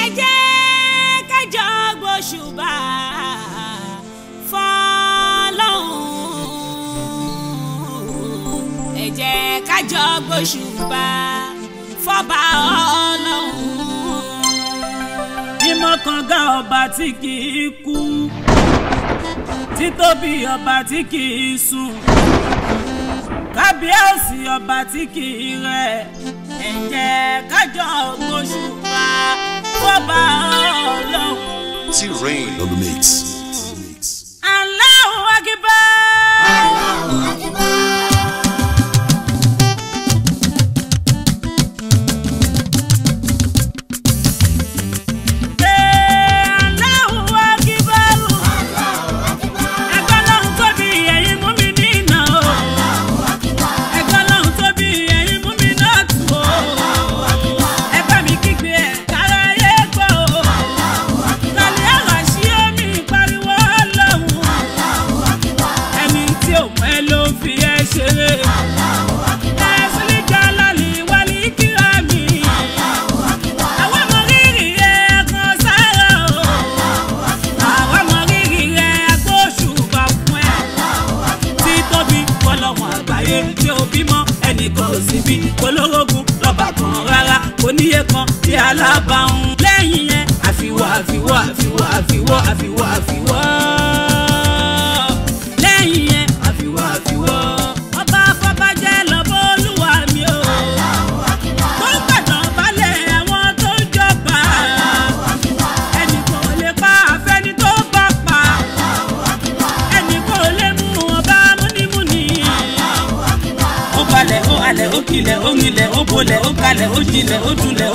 ẹ jẹ́ kájọ gbóṣùbà fọlọ́hún ẹ jẹ́ kájọ gbóṣùbà fọba ọlọ́hún. mímọ́ kan gá ọba tí kì í kú títóbi ọba tí kì í sùn kábíyèsí ọba tí kì í rẹ̀ ẹ jẹ́ ká jọ gbóṣùbà ọlọ́run. T-Rain on the mix. Allahu Akbar.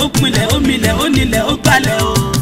ó pinlẹ̀ ó milẹ̀ ó nílẹ̀ ó gbalẹ̀ o.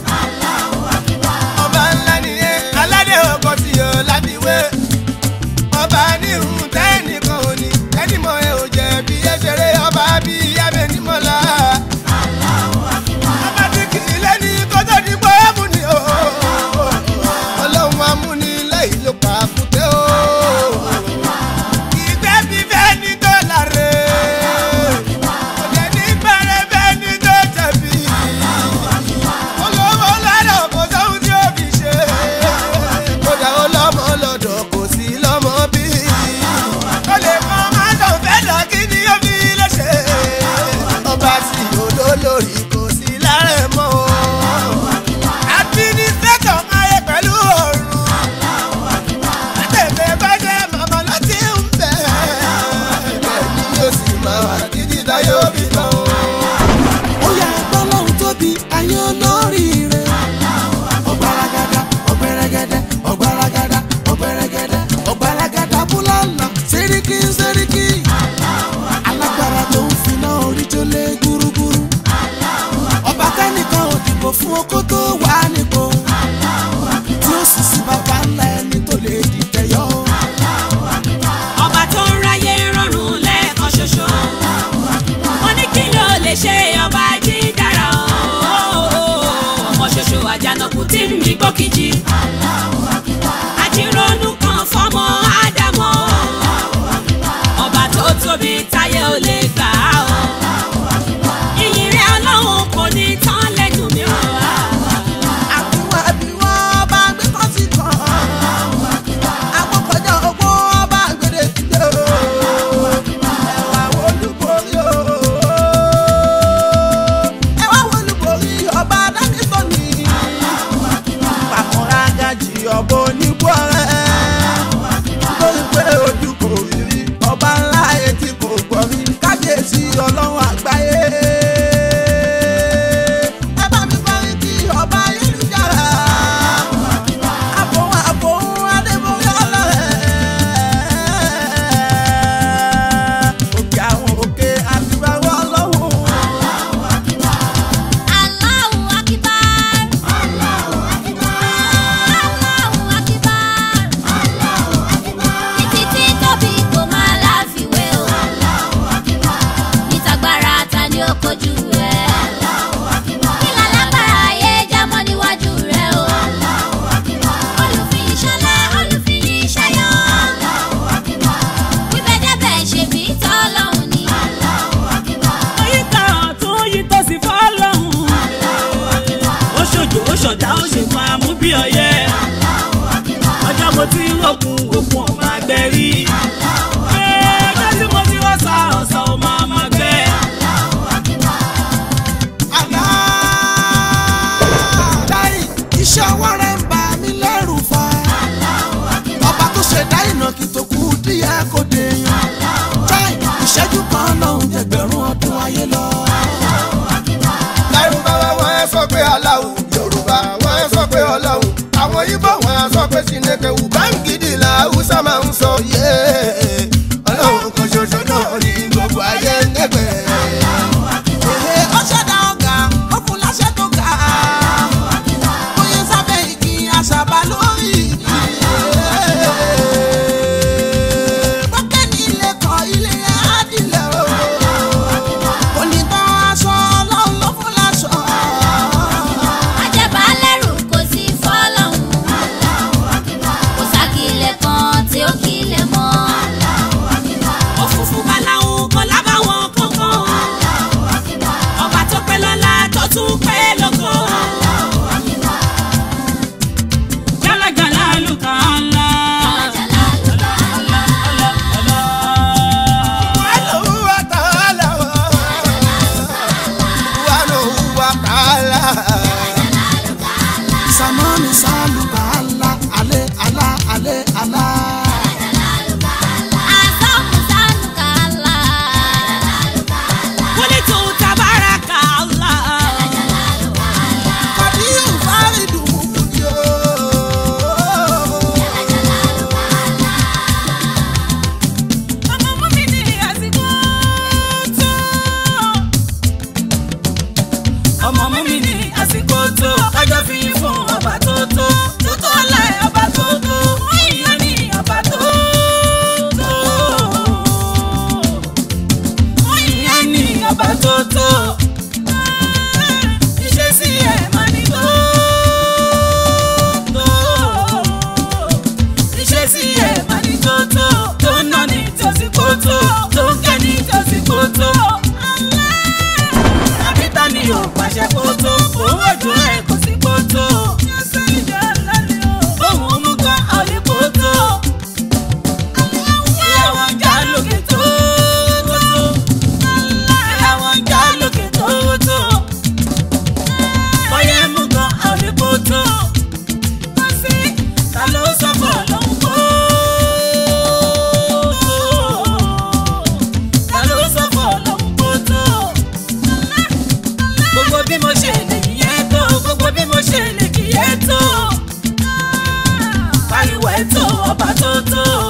ọba tuntun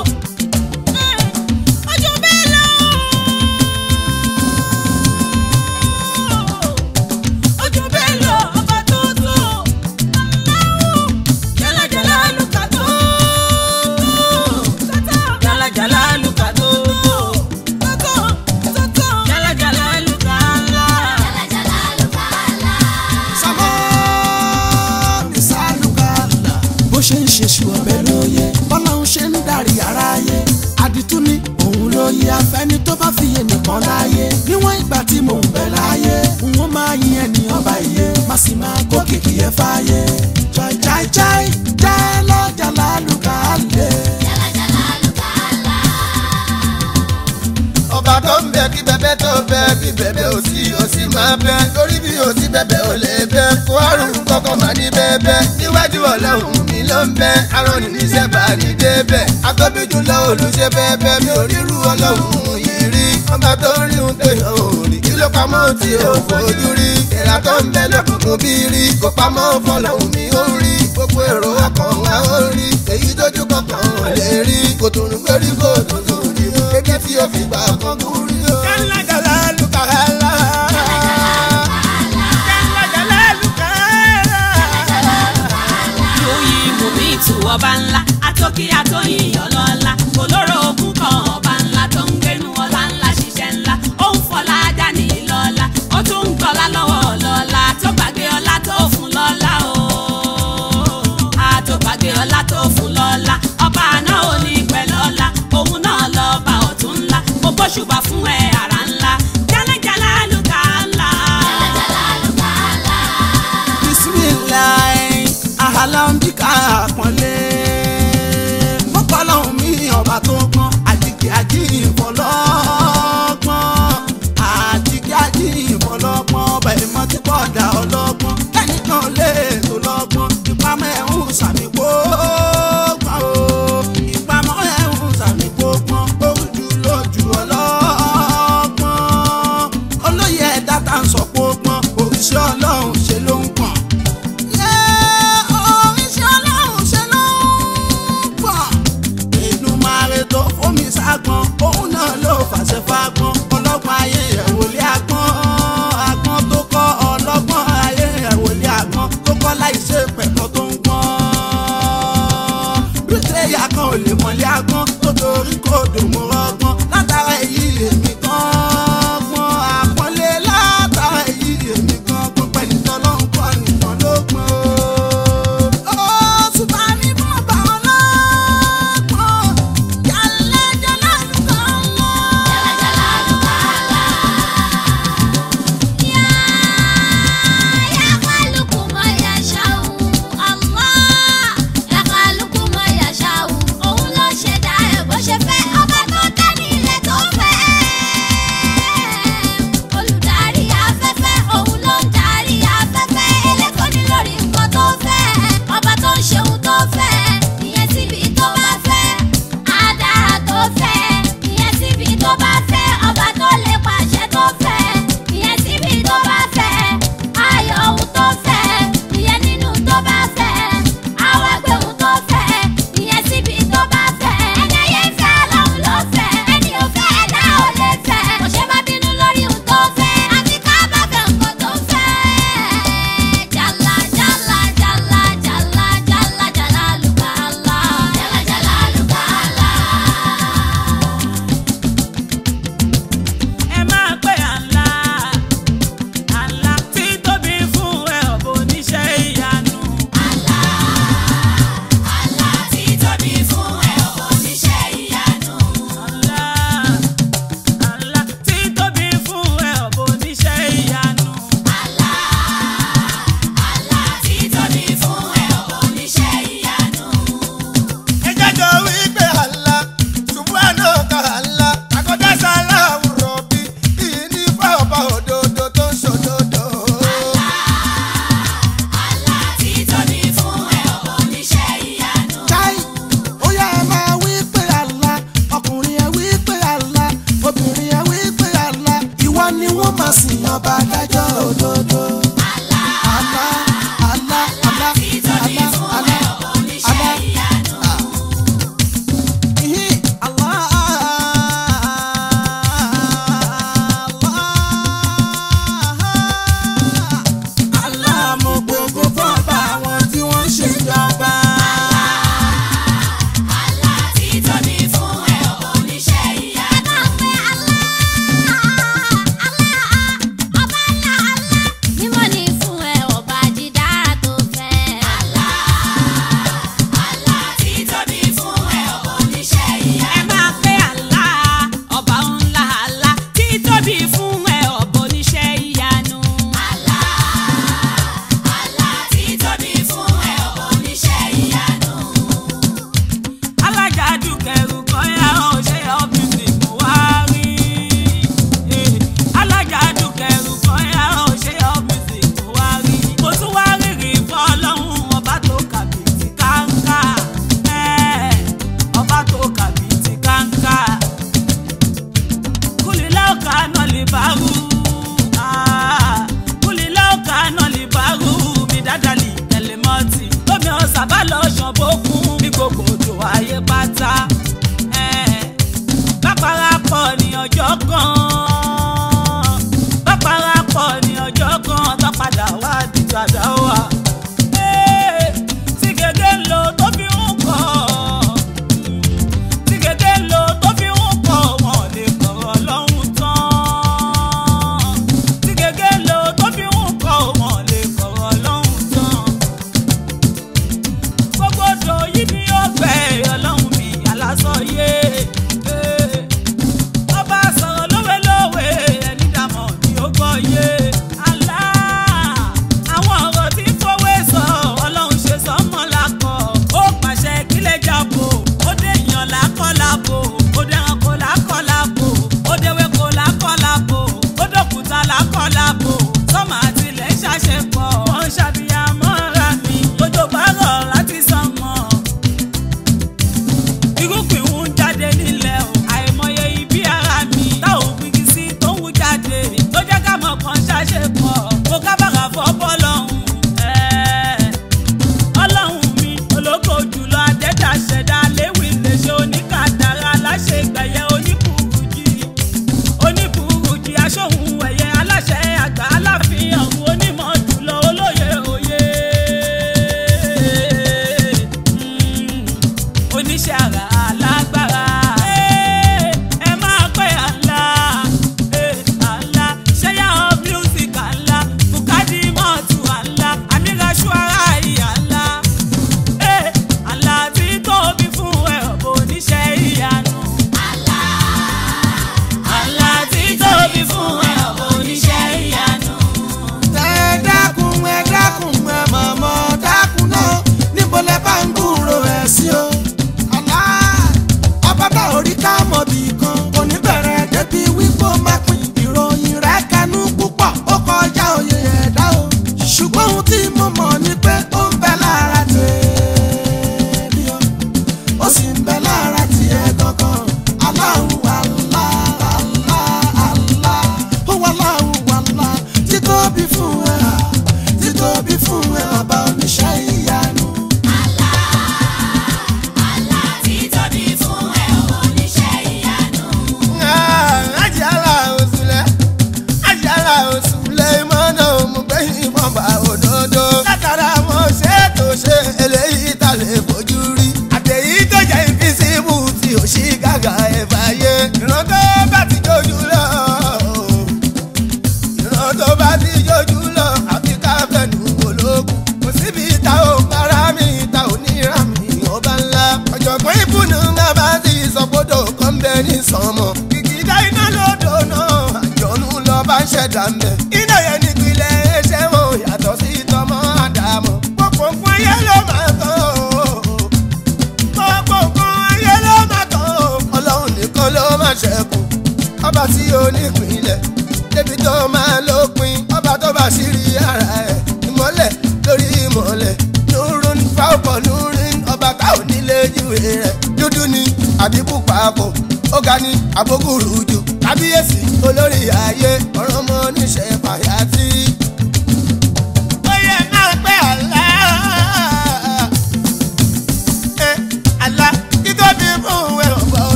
ọlọ́run bẹ́ arọ́nì níṣẹ́ bá rí débẹ̀ atọ́bíjú lọ olùṣe bẹ́ẹ̀bẹ́ mi ò ríru ọlọ́run yìí rí ọba tó ń rí un pé òòrì kí ló pamọ́ tí ò fojú rí ìlà tó ń bẹ lọ́kùnkùn bí rí kó pamọ́ fọlọ́run mi ó rí gbogbo èrò ọkàn wa ó rí èyí tójú kọkàn ò lè rí kò tó ń gbérí kò tó ń rí ebi tí ó fi gbà kọ́kú rí o. kálá ọba ńlá atókí atóyìn ọlọ́lá kò lóró ogún kan ọba ńlá tó ń gbénu ọlá ńlá ṣiṣẹ́ ńlá ó ń fọlá dání lọ́lá ó tún ń gbọ́lá lọ́wọ́ ọlọ́lá tó gbàgbé ọlá tó fún lọ́lá o àtògbàgbé ọlá tó fún lọ́lá ọba àná òní pẹ̀ lọ́lá òun náà lọ́ba ọ̀tún ńlá mo gbóṣùbà fún ẹ àrà ńlá jálẹ̀jálẹ̀ àlùkà bisimilayi ahalam. ọba tó pọ́n àtìkè àjí ìfọlọ́pọ́n àtìkè àjí ìfọlọ́pọ́n ọba ìmọ̀ tí bọ́ọ̀dà ọlọ́pọ́n.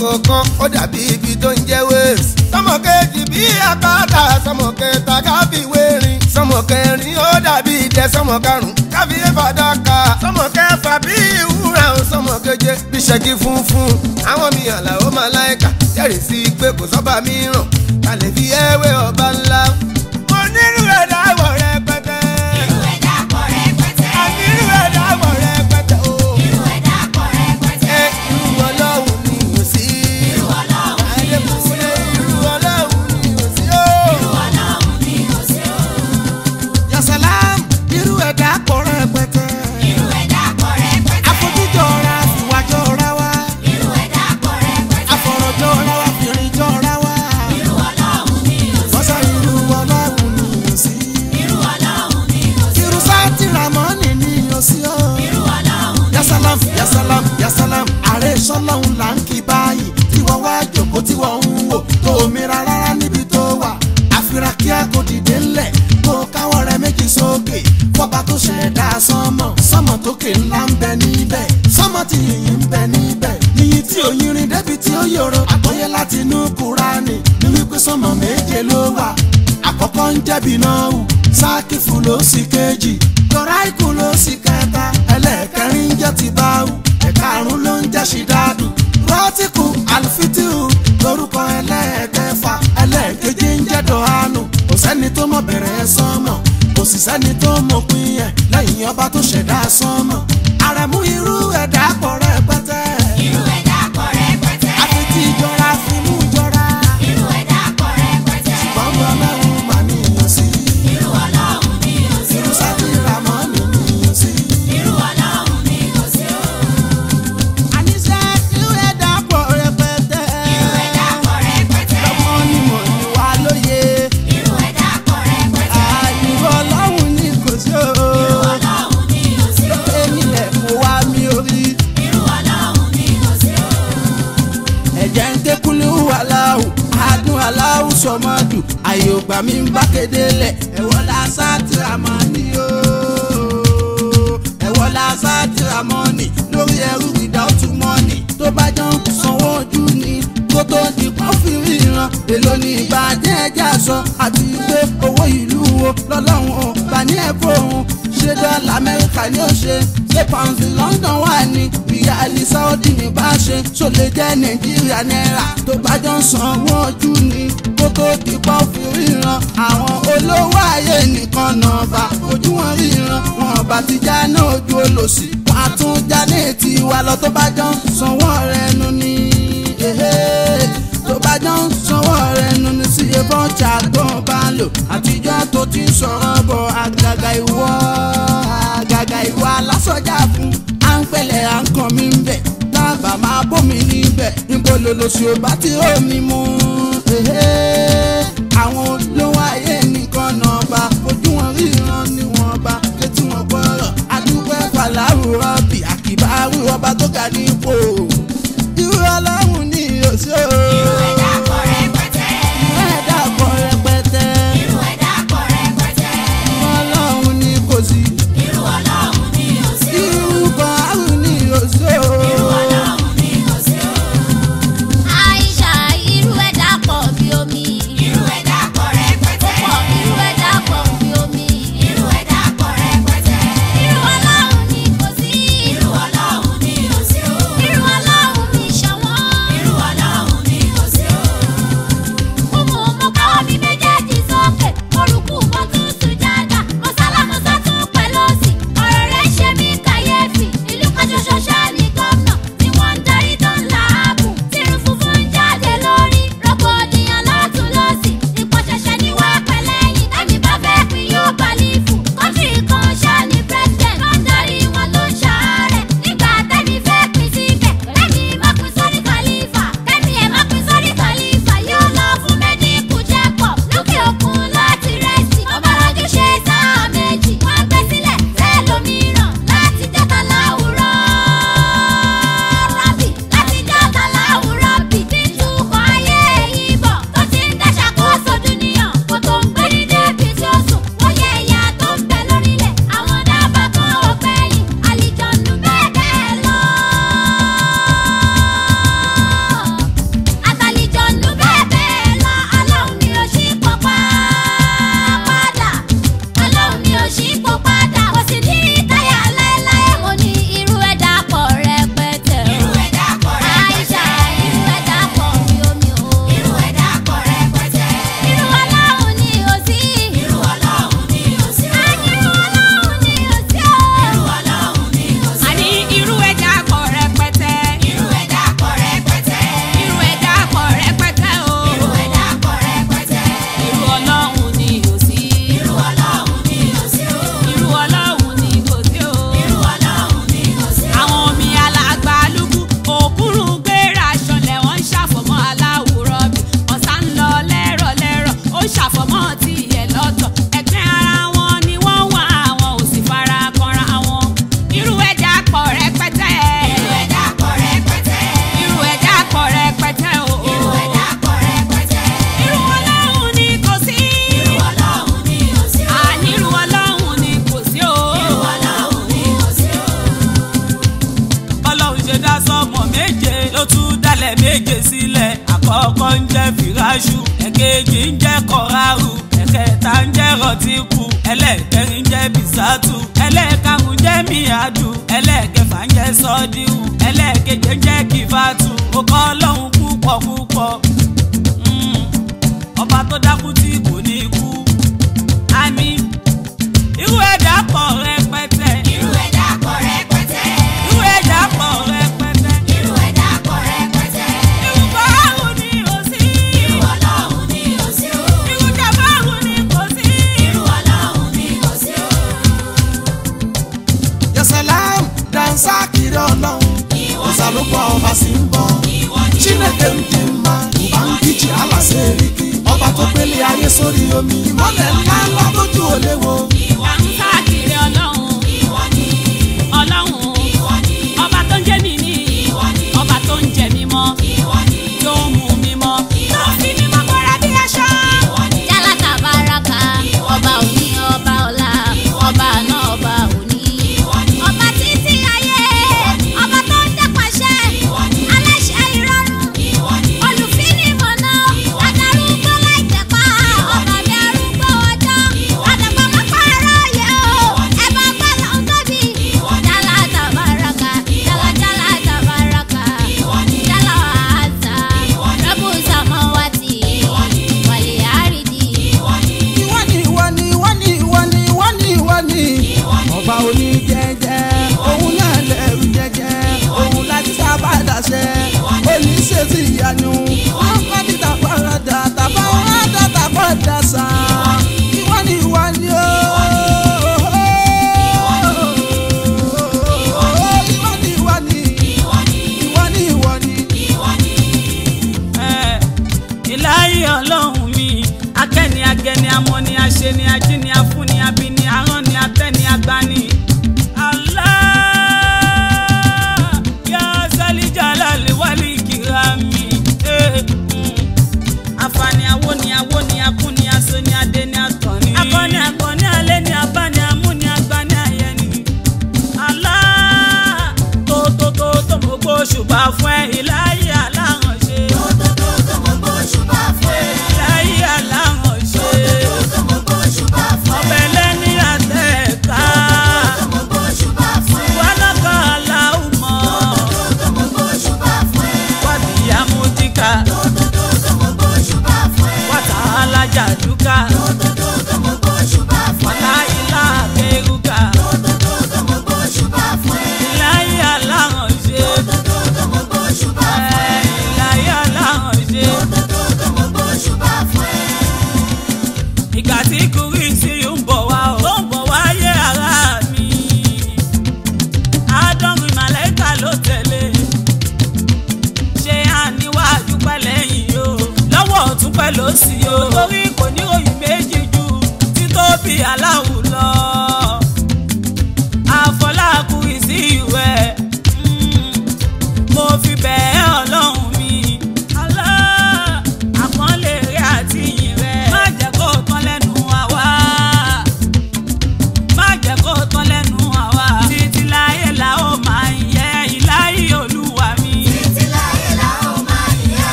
kankan ó dàbí ibi tó ń jẹ́ waves. sọmọ kejì bí àpáta sọmọ kẹta káfí wérin sọmọ kẹrin ó dàbí ìdẹ sọmọ karùn-ún káfí fàdákà sọmọ kẹfà bí ìwúrà ó sọmọ keje bí ṣẹ́gi funfun àwọn mi àlàó máa láìka jẹ́rìí sí pé kò sọ́ba mìíràn kàlẹ́ fi ẹ̀wẹ̀ ọba ńlá. àkọ́kọ́ ń jẹ̀bi náà o sákìfù ló sì kejì tọ́ráìkù ló sì kẹta ẹlẹ́ẹ̀kẹrin ń jẹ́ ti bá o ẹ̀karùn ló ń jẹ́ ṣìdáàdù rọ́tìkù àlùfítìhù lórúkọ ẹlẹ́ẹ̀kẹfà ẹlẹ́ẹ̀kejì ń jẹ́ dọ̀hánù kò sẹ́ni tó mọ̀ bẹ̀rẹ̀ sánmọ̀ kò sì sẹ́ni tó mọ̀ pín ẹ̀ lẹ́yìn ọba tó ṣẹ̀dá sánmọ̀ àrẹ̀mú irú ẹ̀dá pọ̀ sọmọdù àyè ògbà mi ń bá kéde lẹ̀ ẹ̀wọ́ la sátìrà o ẹ̀wọ́ la sátìrà mọ́ ni lórí ẹrú without money tó bá jọ ń sanwó ojú ni kó tó di kọ́fì ríran èlò ní ìgbà jẹ́ẹ́jà sọ àti pé owó ìlú wo lọ́lọ́run ò bá ní ẹ̀fọ́ òun ṣé dọ́là amẹ́ríkà ni ó ṣe ṣé pounds london wà ní ìyá ni saudi ní bá ṣe ṣó lè jẹ́ nàìjíríà náírà tó bá jọ ń sanwó ojú ni kó tó di pọ́ fi ríran àwọn olówó ayé nìkan náà bá ojú wọn ríran wọn bá ti já náà ojú olòṣì wọn á tún já ní tiwa lọ tó bá jọ ń sanwó ọ̀rẹ́ nu ni tó bá jọ ń sanwó rẹ̀ nu ní sí iye fọ́ọ̀ṣà tó bá ń lò àtijọ́ tó ti sọ̀rọ̀ bọ̀ àgàgà ìwọ àgàgà ìwọ alásọjà fún à ń pẹ̀lẹ́ à ń kàn mí ń bẹ̀ lábàá máa bómi níbẹ̀ níbo lòlòsì ò bá ti hó mi mú àwọn olówó ayé.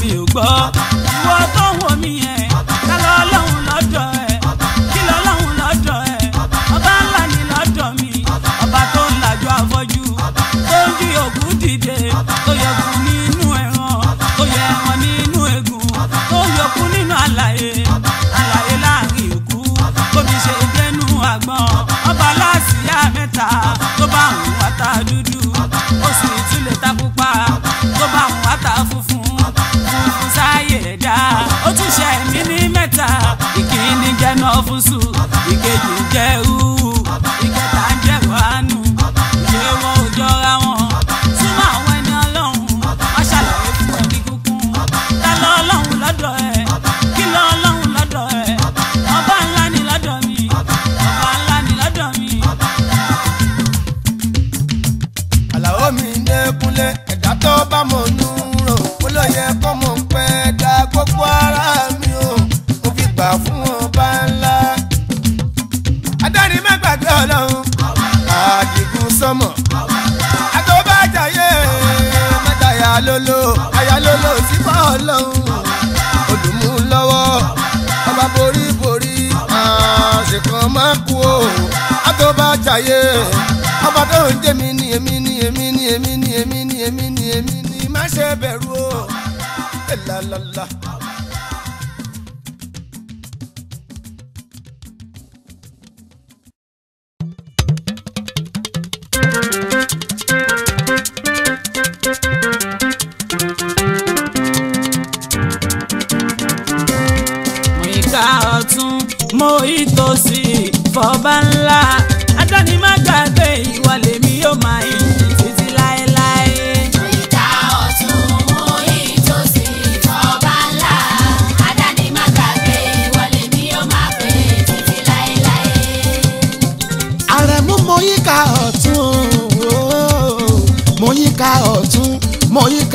mi ò gbọ́. ọgọ́rùn-ún jẹ́mi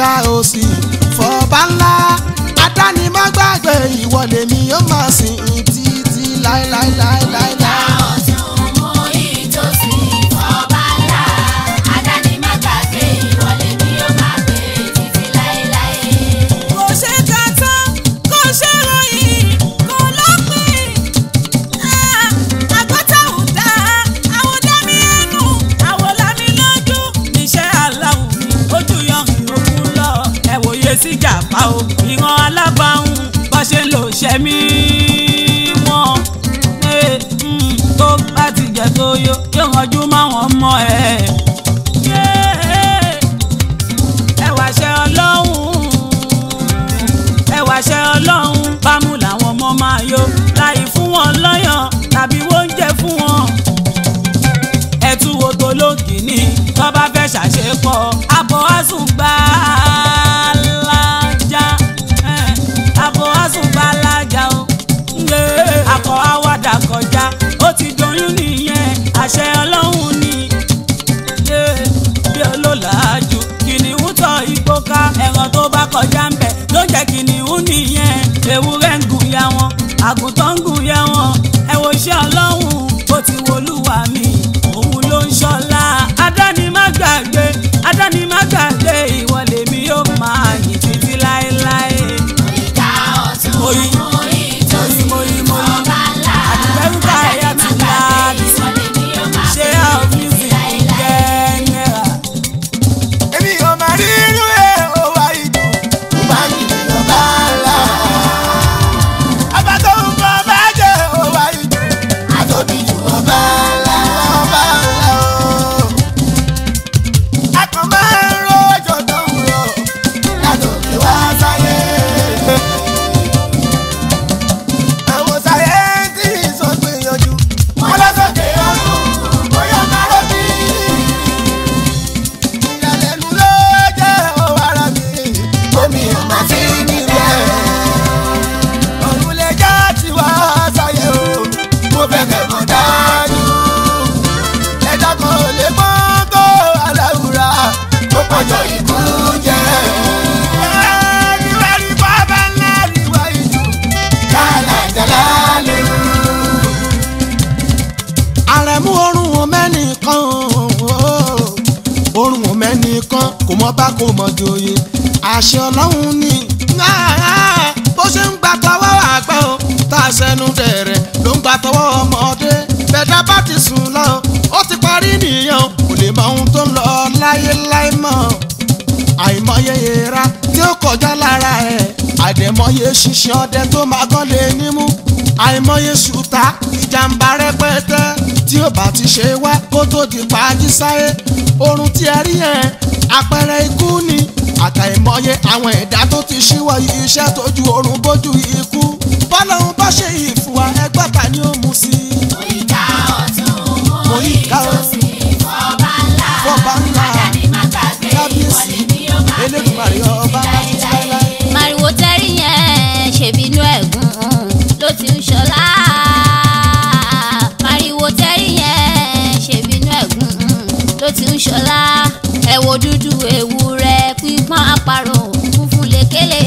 ọ̀gá òsì fọba ńlá adánimọ́gbàgbé ìwọlé mi yóò máa sìn títí láéláéláéláé. àìmọye ṣùtá ìjàmbá rẹpẹtẹ tí ó bá ti ṣe wá kó tó di pàájí sáyé oorun tí a rí yẹn àpẹẹrẹ ikú ni àtàìmọye àwọn ẹ̀dá tó ti ṣíwọ́ iṣẹ́ tójú oorun bójú ikú dúdú ewúrẹ́ pípọ́n àparò funfun lékele.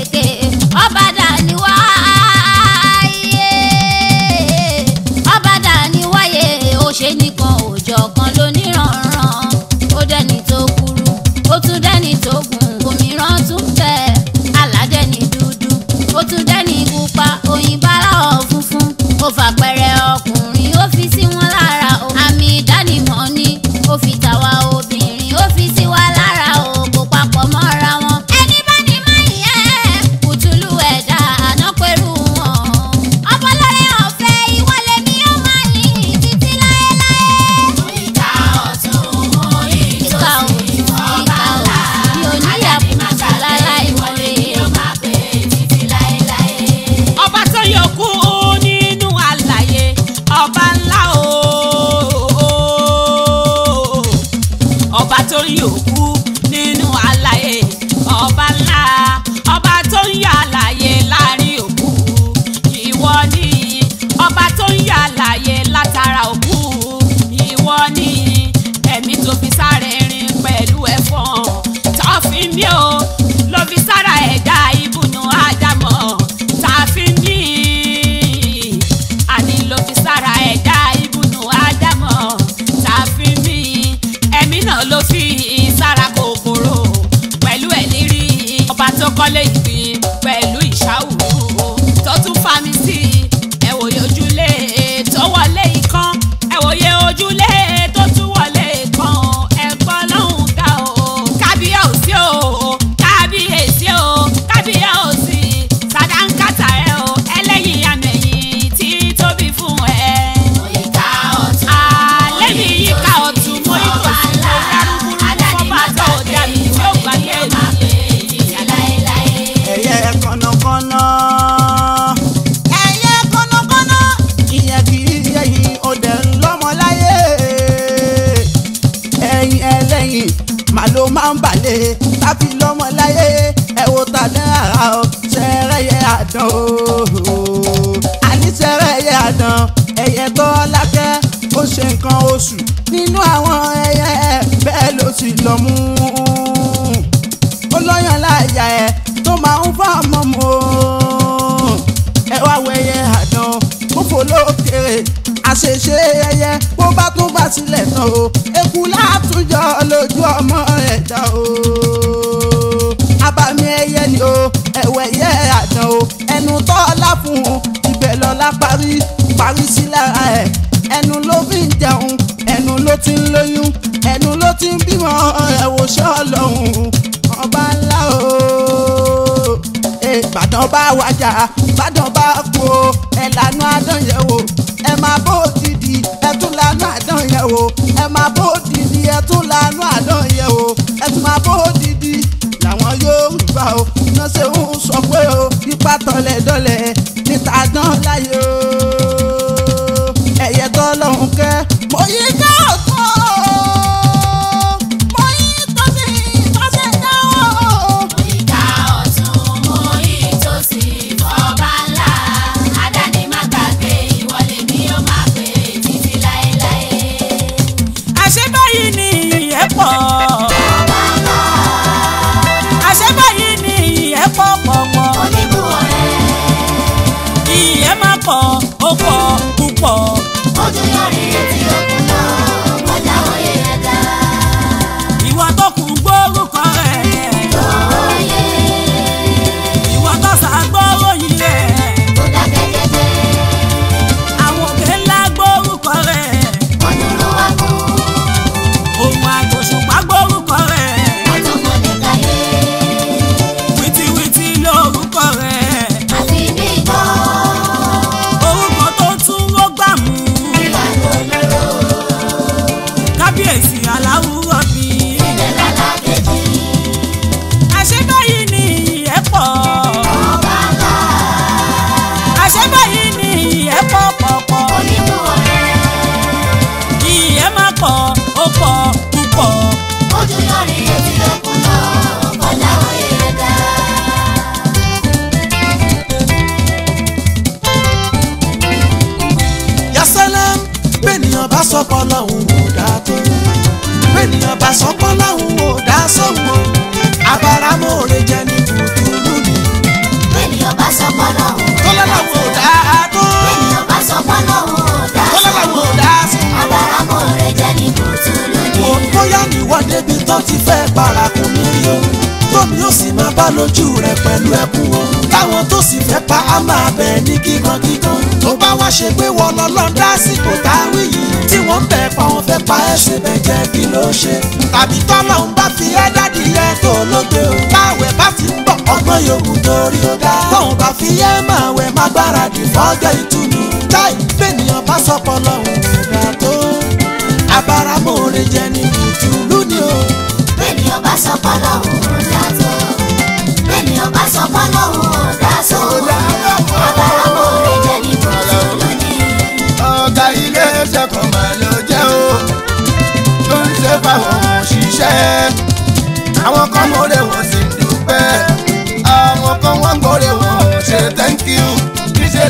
àbí tọ́lọ̀ ń bá fi ẹ́ jáde yẹ tó lóde o. báwẹ̀ bá fi ń bọ̀ ọgbọ́n yòówù torí ó dá. tóun bá fi yẹ́ máa wẹ̀ má gbáradì fọ́jọ́ ìtùnú. jáì bẹ́ẹ̀ nìyàn bá sọ lọ́hùn.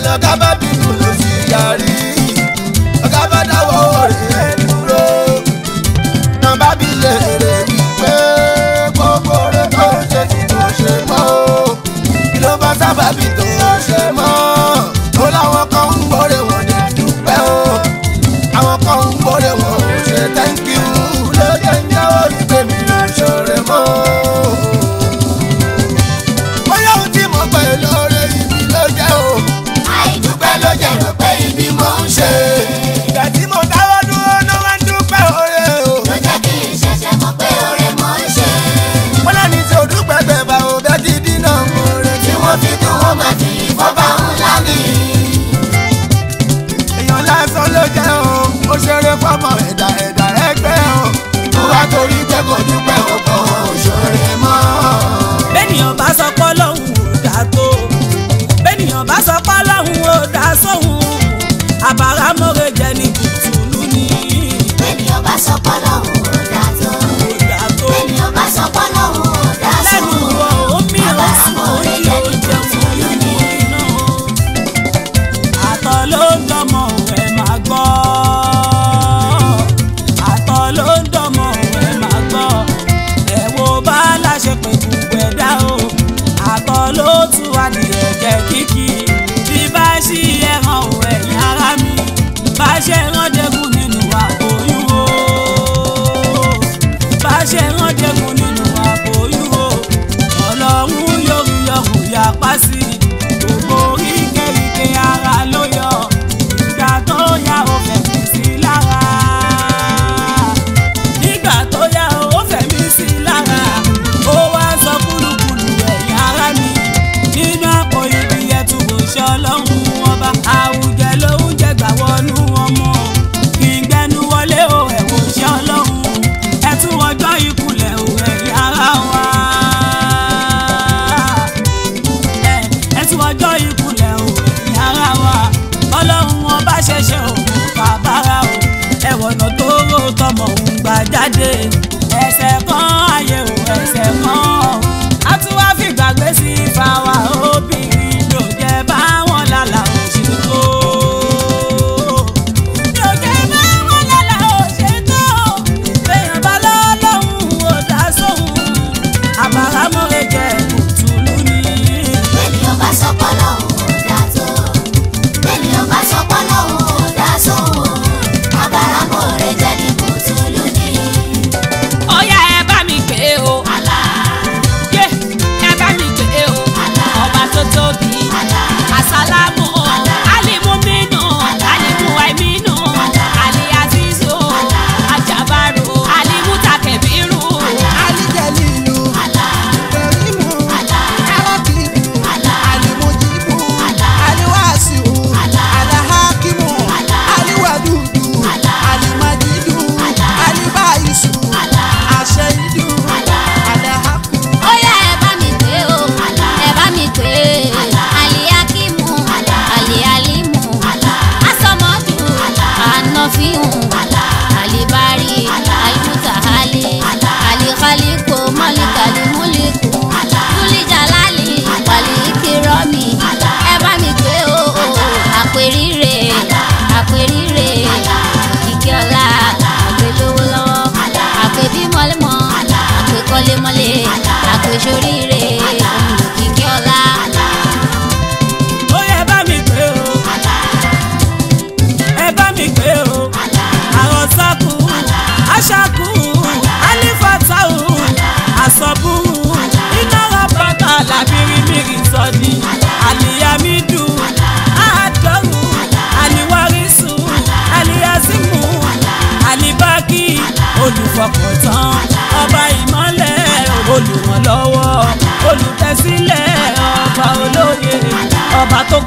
lo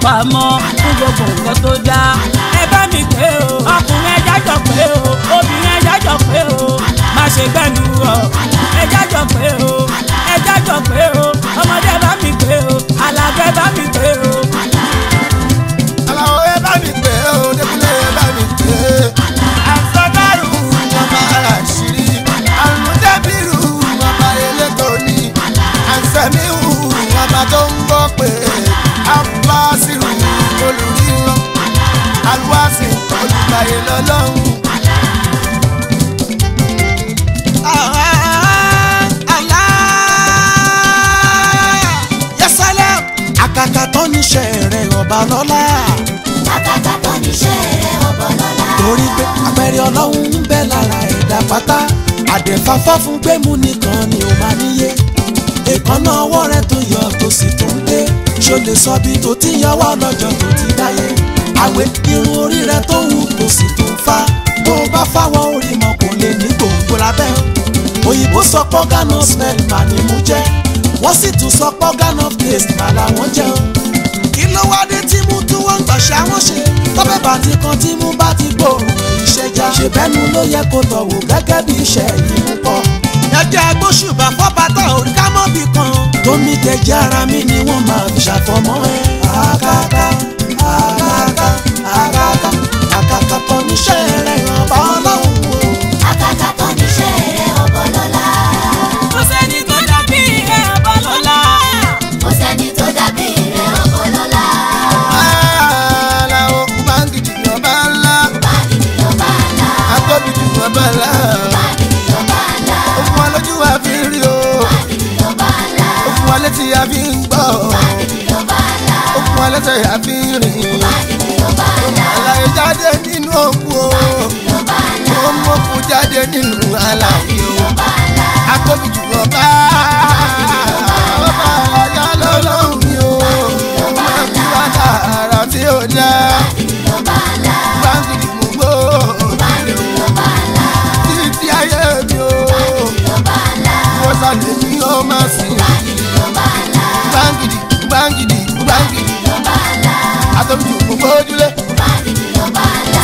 pamọ́ fún gbogbo nǹkan tó dá. ẹ bá mi pé o ọkùnrin ẹja jọ pé o obìnrin ẹja jọ pé o má ṣe gbẹ̀mí rọ ẹja jọ pé o ẹja jọ pé o ọmọdé bá mi pé o alàgbẹ̀ bá mi pé o. àgbáyé lọ́lọ́run. Àkàkà tó níṣẹ́ rẹ̀ ọba lọ́lá. Àkàkà tó níṣẹ́ rẹ̀ ọba lọ́lá. Torí pé àpẹẹrẹ Ọlọ́run ń bẹ lára nìkan ni ó máa níyé. Èkánná ọwọ́ rẹ̀ tó yọ tó sì tó ń dé. Ṣo lè sọ bí tó ti yọwọ́ lọ́jọ́ tó ti àwẹ̀ irun orí rẹ tó wù kò sì tó fa tó bá fáwọn orí mọ kò lè ní gbòǹgbò lábẹ́ òyìnbó sọ pé ghana smell mà ní mú jẹ́ wọ́n sì tún sọ pé ghana taste mà làwọn jẹ́ o kí ló wá dé tí mú tún wọ́n ń gbàṣẹ́ àwọn ṣe tọ́pẹ́ bá ti kan tí mú bá ti gbòòrùn ìṣẹ́já ṣèbẹ́nu ló yẹ kó tọ̀ gẹ́gẹ́ bí iṣẹ́ yìí mú pọ̀ ẹjẹ́ agbóṣùbà fọ́bàtà òrìkámọ́bì kan tómi jẹjẹ ara mi ni wọ́n máa fi ṣàfọmọ́ ẹ àkàkà. tí a fi ń gbọ́. okùn ẹlẹ́sẹ̀ a fi ń rìn. àlàyé jáde nínú òkú o. ó mọ̀kú jáde nínú àlàyé o. akóbi jùlọ bá ọba ọ̀yá lọ́lọ́run ni o. máa ń wá lára tí ó dá. báńkì dìgbò gbó. títí ayé mi o. wọ́n sàlẹ̀ ní báńkìdì báńkìdì báńkìdì àtọ́bìtì òfófó ojúlé báńkìdì ló bá la.